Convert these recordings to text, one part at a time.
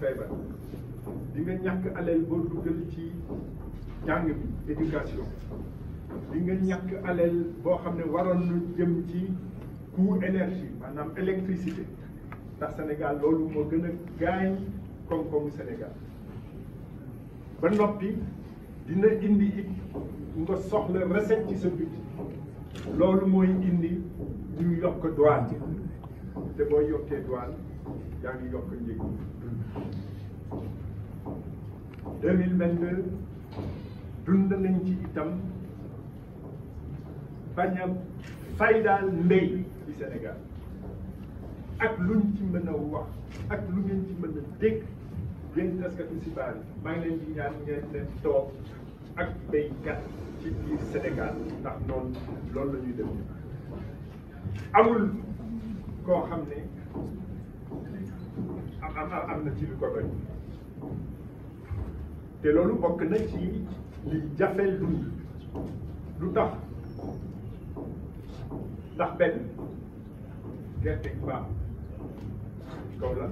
feebar di nga ñàkk alal boo dugal ci jàng bi éducation di nga ñàkk alal boo xam ne waroon nu jëm ci coût énergie maanaam électricité ndax Sénégal loolu moo gën a gaañ koom-koomu Sénégal ba noppi dina indi it nga soxla recette ci sa budget loolu mooy indi ñu yokk douane te boo yokkee douane yaa ngi yokk njëg deux mille dund nañ ci itam bañ a faydaal mbéy ci Sénégal ak luñ ci mën a wax ak lu ngeen ci mën a dégg yéen taskatu xibaar yi maa ngi leen di ñaan ngeen leen toog ak béykat ci biir Sénégal ndax noonu loolu la ñuy amul koo xam ne xam-xam ci lu ko doy te loolu bokk na ci li jafeel dund lu tax ndax benn gerte gi baaxul kaw la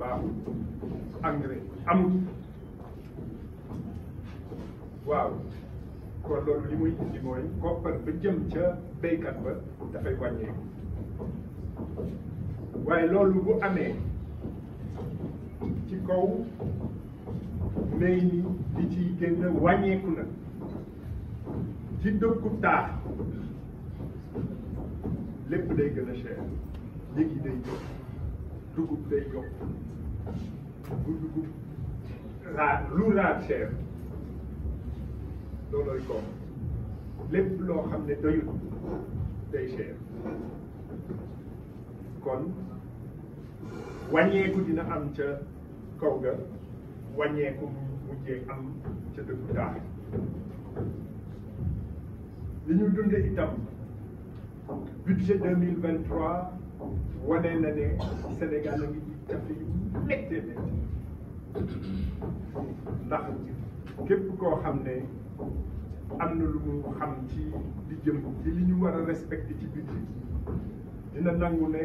baaxul engrais amul waaw kon loolu li muy indi mooy koppar ba jëm ca béykat ba dafay waaye loolu bu amee ci kaw nay ni di ciy gën a wàññeeku na ci dëkku taax lépp day gën a cher léegi day yokk dugub day yokk bu dugub raar lu raar cher loolooy koom lépp loo xam ne doyul day cher kon wàññeeku dina am ca kaw ga wàññeeku mujjee am ca dëkku taax li ñu dunde itam budget deux mille vingt trois wane na ne Sénégal a ngi jafe yu méttee métti ndax képp koo xam ne am na lu mu xam ci di jëm ci li ñu war a ci budget dina nangu ne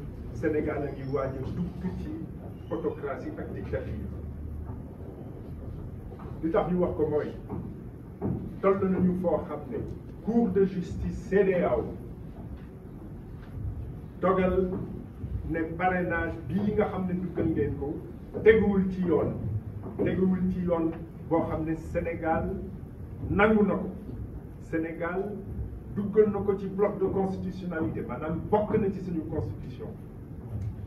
Sénégal a ngi waaj a dugg ci autocratie ak dictature li tax ñu wax ko mooy toll nañu foo xam ne cour de justice CEDEAO dogal ne parrainage bii nga xam ne duggal ngeen ko teguwul ci yoon teguwul ci yoon boo xam ne Sénégal nangu na ko Sénégal duggal na ko ci bloc de constitutionnalité maanaam bokk na ci suñu constitution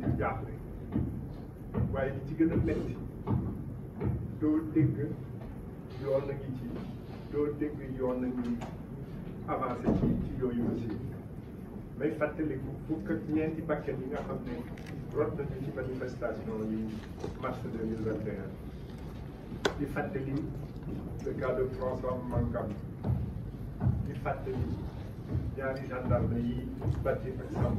jaaxle waaye ci gën a metti doo dégg yoon a ngi ci doo dégg yoon na ngi avancé ci ci yooyu may fàttaliku fukk ak ñeenti paquet yi nga xam ne rot nañu ci manifestation yi mars deux mille vingt et un fàttali le cas de François Mancabou di fàttali ñaari gendarme yi batti ak sàmm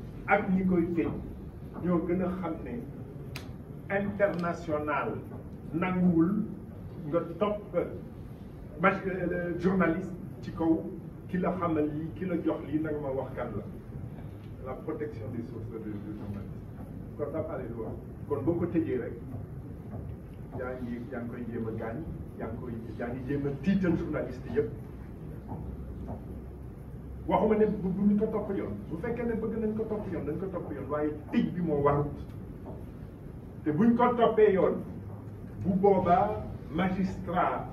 ak ñi koy tëj ñoo gën a xam ne international nanguwul nga topp mach euh, euh, journaliste ci kaw ki la xamal lii ki la jox lii nag ma wax kan la la protection des sources de journaliste kon dafa ale loi kon boo ko tëjee rek yaa ngi yaa ngi koy jéem a gaañ yaa ngi koy yaa ngi jéem a tiital journaliste yëpp waxuma ne duñu ko topp yoon bu fekkee ne nañ ko topp yoon dañ ko topp yoon waaye tij bi moo warut te buñ ko bu magistrat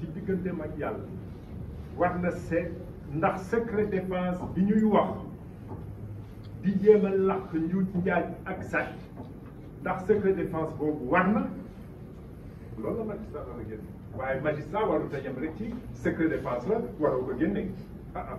ci vous ak yàlla ndax secret défense bi ñuy wax di a làq ak ndax secret défense boobu war na magistrat magistrat warut a yem secret défense la waroo ko ah, ah.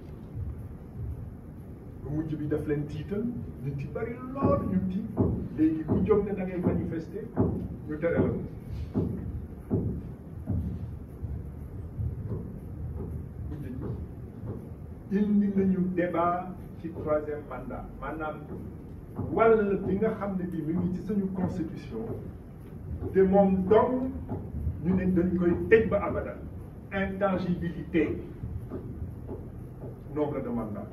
bu mujj bi daf leen tiital nit ci bëri lool ñu tiit léegi ku jóg ne da ngay manifester ñu tere la indi nañu débat ci troisième mandat maanaam wàll bi nga xam ne bi mi ngi ci suñu constitution te moom dong ñu ne dañ koy tëj ba abadan intangibilité nombre de mandat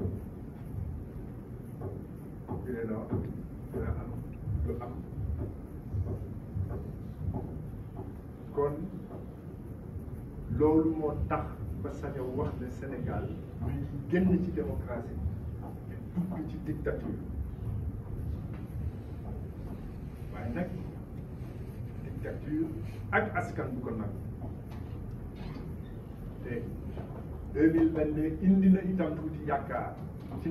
dina law dina am lu am kon loolu moo tax ba saña ne Sénégal mu ngi génn ci démocratie di dugg ci waaye nag dictature ak askan bu ko nag te deux mille vingt-deux indi na itam tuuti yaakaar ci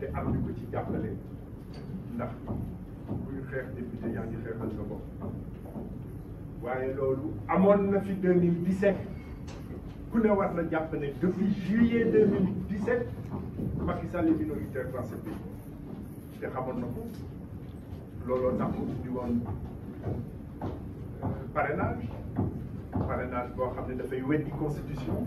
te am ko ci jàppale ndax bu ñu xeex député yaa ngi xeexal sa bopp waaye loolu amoon na fi 2017 ku ne war na jàpp ne depuis juillet 2017 Macky Sall est minoritaire dans ce pays te xamoon na ko looloo tax di woon euh, parrainage parrainage boo xam ne dafay weddi constitution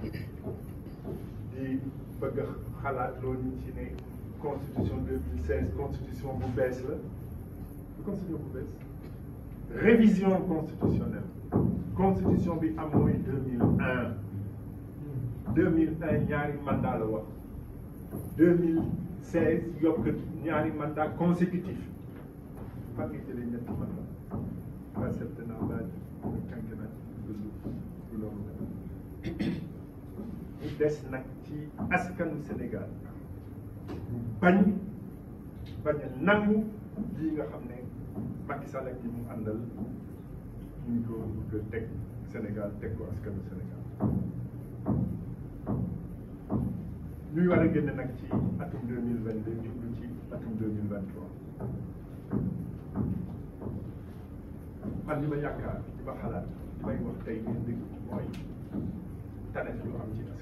di la Constitution constitution 2016 constitution bu la constitution bu révision constitutionnelle constitution de 2001 2001 Nyari mandat la wax 2016 a un mandat consécutif il y a un mandat accepté des nak ci askanu senegal bañ bañ a nangu lii nga xam Macky Sall ak ñi mu àndal ñu ngi ko bëgg teg Sénégal ko askanu senegal ñuy wara a nak ci atum 2022 jublu ci atum 2023 man li yakkar yaakaar xalaat li may wax tey ngeen dégg mooy tane lu am ci as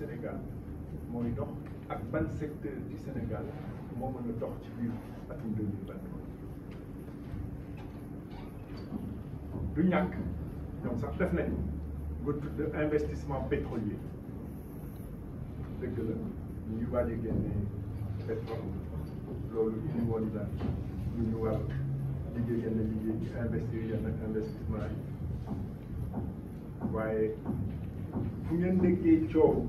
Sénégal mooy dox ak ban secteur ci Sénégal moo mën a dox ci biir atum deux mille vingt du ñàkk ñoom sax def nañu nga tudd investissement pétrolier dëgg la ñuy waaj a génne pétrole loolu ñu woon daal lu ñu war liggéey yenn liggéey ci investir yenn investissement yi waaye fu ngeen déggee coow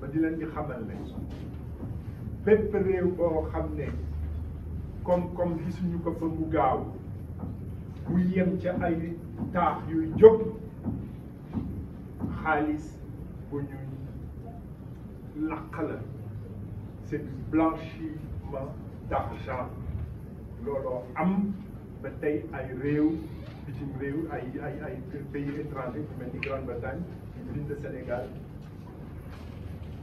ba di leen di xamal ne bépp réew boo xam ne koom-koom gisuñu ko fa mu gaaw bu yem ca ay taax yuy jóg xaalis bu ñuy làq la c'est du blanchiment d'argent looloo am ba tey ay réew bitim réew ay ay ay pays étranger bu mel ni Grande-Bretagne bind Sénégal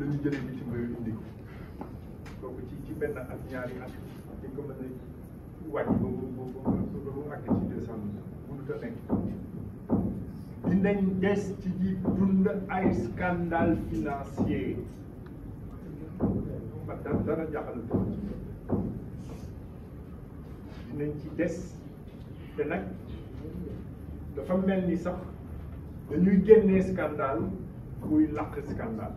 la ñu jëlee bitim réew indi ko donc ci ci benn ak ñaari at dañ ko mën a wàññi ba ba ba ci deux dinañ des ci di dund ay scandale financier ba dara dinañ ci des te dafa mel ni sax dañuy génnee scandale kuy làq scandale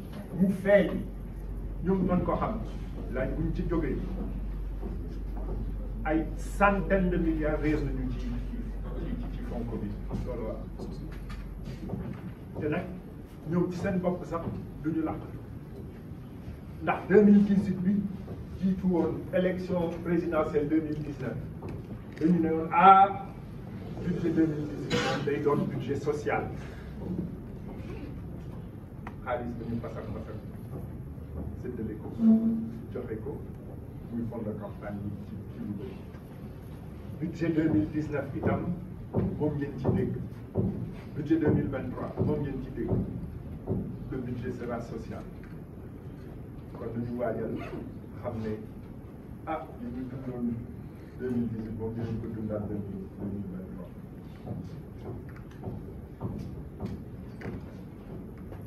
Nous faisons nous man ko xam buñ ci de milliards de nañu qui font ci COVID. Nous loolu waa te nag 2018 qui tourne l'élection présidentielle 2019 nous avons le ah budget 2018 day budget social Paris, de n'est C'est de l'écho. nous, de la campagne. Budget 2019, bon, bien y Budget 2023, bon, bien Le budget sera social. Quand on nous voyons y aller, ramener à l'écho 2018, bon, bien 2023,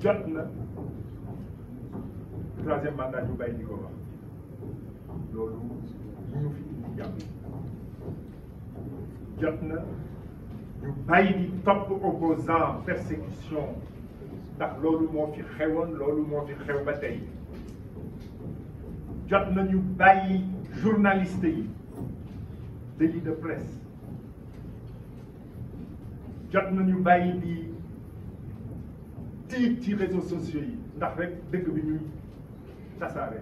jot troisième mandat du Bay di ko wax ñu fi indi ñu di Top opposant persécution ndax lolu mo fi xewon lolu mo fi xew ba tay jot ñu journaliste délit de presse jot ñu tiit les réseaux sociaux yi ndax rek dëkk bi ñuy tasaare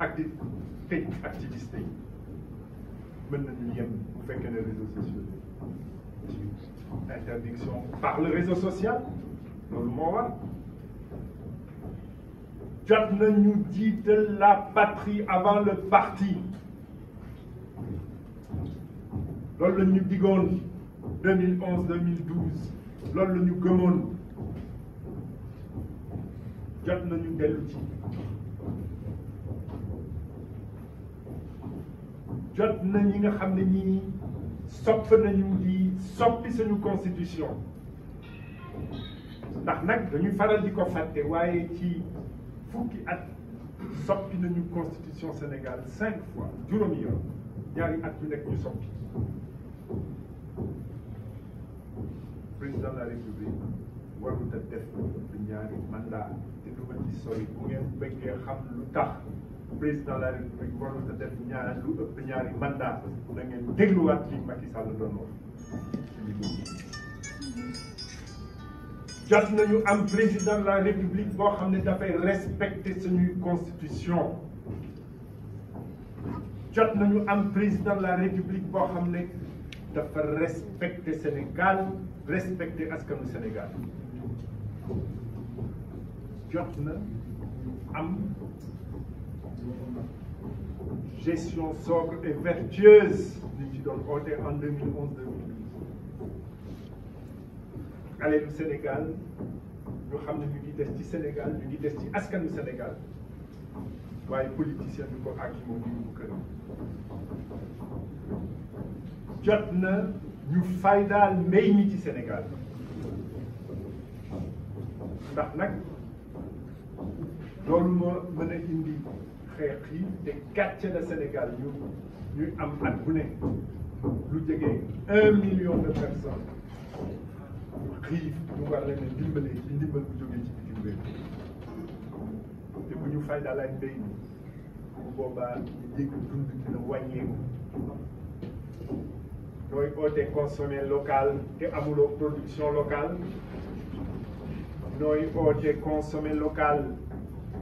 ak di ne activiste pas mën nañu réseaux sociaux interdiction par le réseau social loolu moo nous nous dit de la patrie avant le parti Lors le New 2011 2012 lors le New jot nañu dellu ci nga ne ñii nañu di constitution ndax nag dañuy faral di ko fàtte ci fukki at nañu constitution Sénégal cinq fois juróomi yoon ñaari président de la république warut mandat bëgg ci sori bu ngeen bëggee xam lu tax président de la république waroon na def ñaar lu ëpp ñaari mandat da ngeen dégluwaat ci Macky Sall doon wax. jot nañu am président de la république boo xam ne dafay respecter suñuy constitution jot nañu am président de la république boo xam ne dafa respecter Sénégal respecter askanu Sénégal nous am gestion sobre et vertueuse du ci doon en 2011 2012 Allez au Sénégal nous sommes du Sénégal, Sénégal ñu ngi des Sénégal waaye les politiciens du ak qui m'ont mu kër jot nous Sénégal. Nous sommes au Sénégal Maintenant, loolu sommes mën a indi xeex yi quatre gàcce la Sénégal nous avons am bu un million de personnes xiif ñu war leen a dimbale ci ndimbal bu jógee ci bitim réew te bu ñu fay des mbéy mi bu boobaa consommer local te amuloo production locale nooy oote consommer local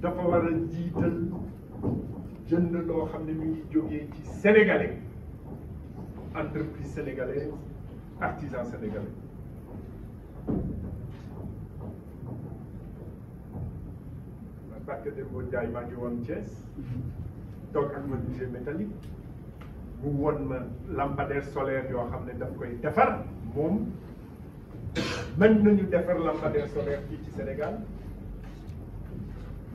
dafa war a jiital jënd loo xam ne mi ngi jógee ci sénégalais entreprise sénégalaise artisan sénégalais man barke dem boo jaay maa ngi woon Thiès toog ak menuisier métallique mu won ma lampadaire solaire yoo xam ne daf koy defar moom mën nañu defar lampadaire solaire fii ci senegal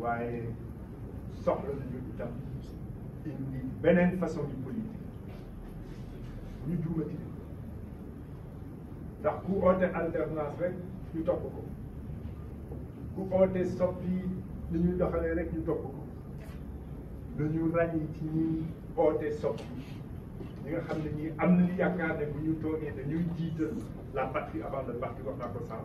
waaye soxla nañu itam indi beneen façon du politique ñu juumati ndax ku alternance rek ñu topp ko ku oote soppi ni ñuy doxalee rek ñu topp ko dañu ràññi ci soppi ñi nga xam ne ñi am yaakaar bu ñu la patrie avant le parti wax naa ko sànq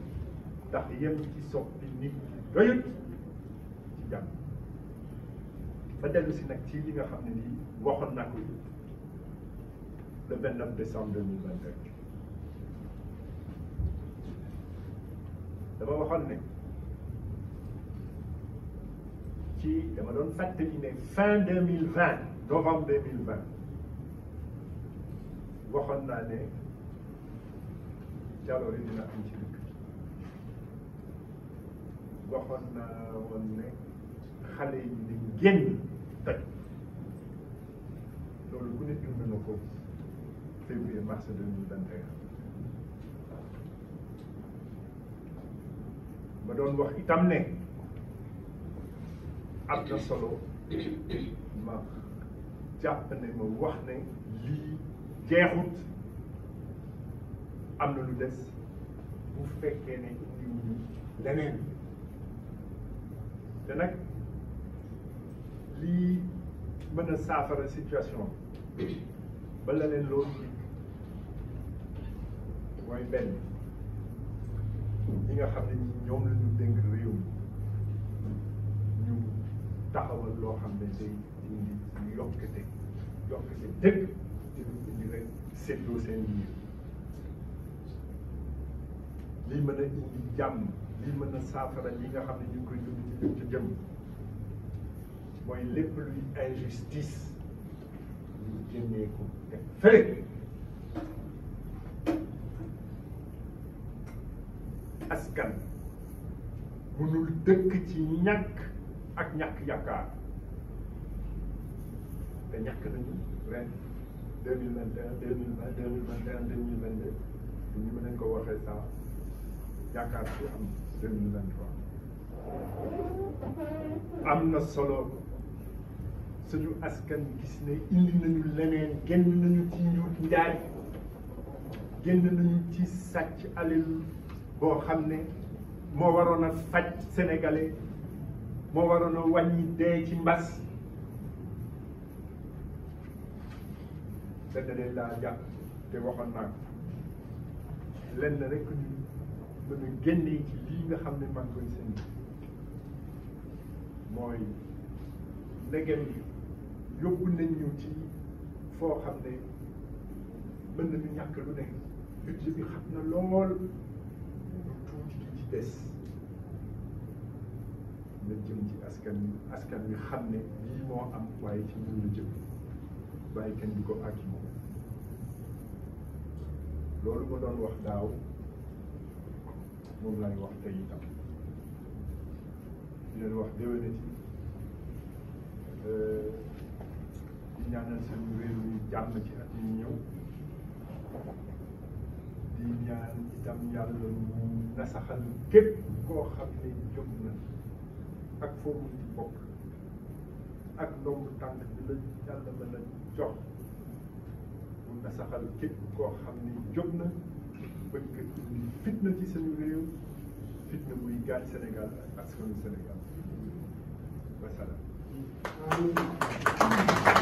ndax yem ci soppi nit ñi doyut ci jàmm ba dellu si nag ci li nga xam ne nii waxoon naa ko le 29 décembre 2021 dama waxoon ne ci dama doon fàttali ne fin 2020 novembre 2020 waxoon naa ne jaloore dina am ci dëkk waxoon naa woon ne xale yi dañ génn toj loolu ku ne dund na ko février mars deux mille vingt et un ma doon wax itam ne am na solo ma jàpp ne ma wax ne lii jeexut am na lu des bu fekkee ne indiwuñu leneen te nag lii mën a saafara situation bi ba la leen loolu mooy benn ñi nga xam ne ñi ñoom la ñu dénk réew mi ñu taxawal loo xam ne day indi yokkute yokkute dëkk te ñu indi rek séddoo seen biir lii mën a indi jàmm lii mën na saafara li nga xam ne ñu ngi koy dund ci biir ci jëm mooy lépp luy injustice ñu génnee ko teg fële askan mënul dëkk ci ñàkk ak ñàkk yaakaar te ñàkk nañu ren deux mille vingt et un deux mille vingt deux mille vingt et un deux mille vingt deux ñu mën nañ ko waxee sax yaakaar ci am 2023 am na solo suñu askan gis ne indi nañu leneen génn nañu ci njuut njaay génn nañu ci sàcc alal boo xam ne moo waroon a faj sénégalais moo waroon a wàññi dee ci mbas te da leen daa jàpp te waxoon naa lenn rek ñu mën a génnee ci lii nga xam ne man ngi koy séntu mooy ndegem yóbbu nañ ñu ci foo xam ne mën nañu ñàkk lu ne budget bi xam na lool lu tuuti gi ci des na jëm ci askan wi askan wi xam ne lii moo am waaye ci ñun la jëm waaye kenn du ko ak moom loolu ma doon wax daaw moom laay wax tey itam di leen wax déwénati euh, di ñaanal seen réew mi ci at yi ñëw di itam yàlla mu nasaxal képp koo ne jóg na ak foo mun ci ak ndomb tànk bi la yàlla mën a jox mu nasaxal képp koo ne jóg na bëgg fitna ci suñu réew fitna muy gaañ Sénégal ak askanu Sénégal wasalaam